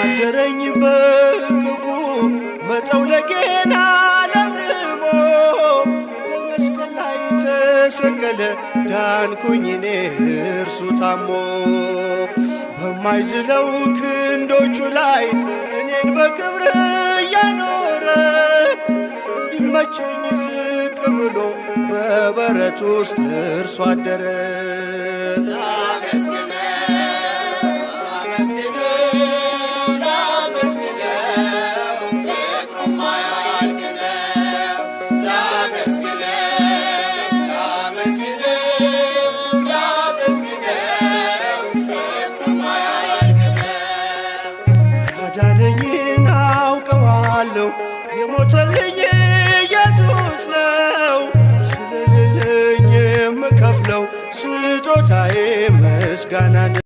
አሳደረኝ በክፉ መጠው ለጌና ለምልሞ በመስቀል ላይ ተሰቀለ ዳንኩኝ እኔ እርሱ ታሞ በማይዝለው ክንዶቹ ላይ እኔን በክብር እያኖረ እንዲመቸኝ ዝቅ ብሎ በበረት ውስጥ እርሱ አደረ። የረዳልኝን አውቀዋለሁ። የሞተልኝ ኢየሱስ ነው። ስለሌለኝ የምከፍለው ስጦታዬ ምስጋና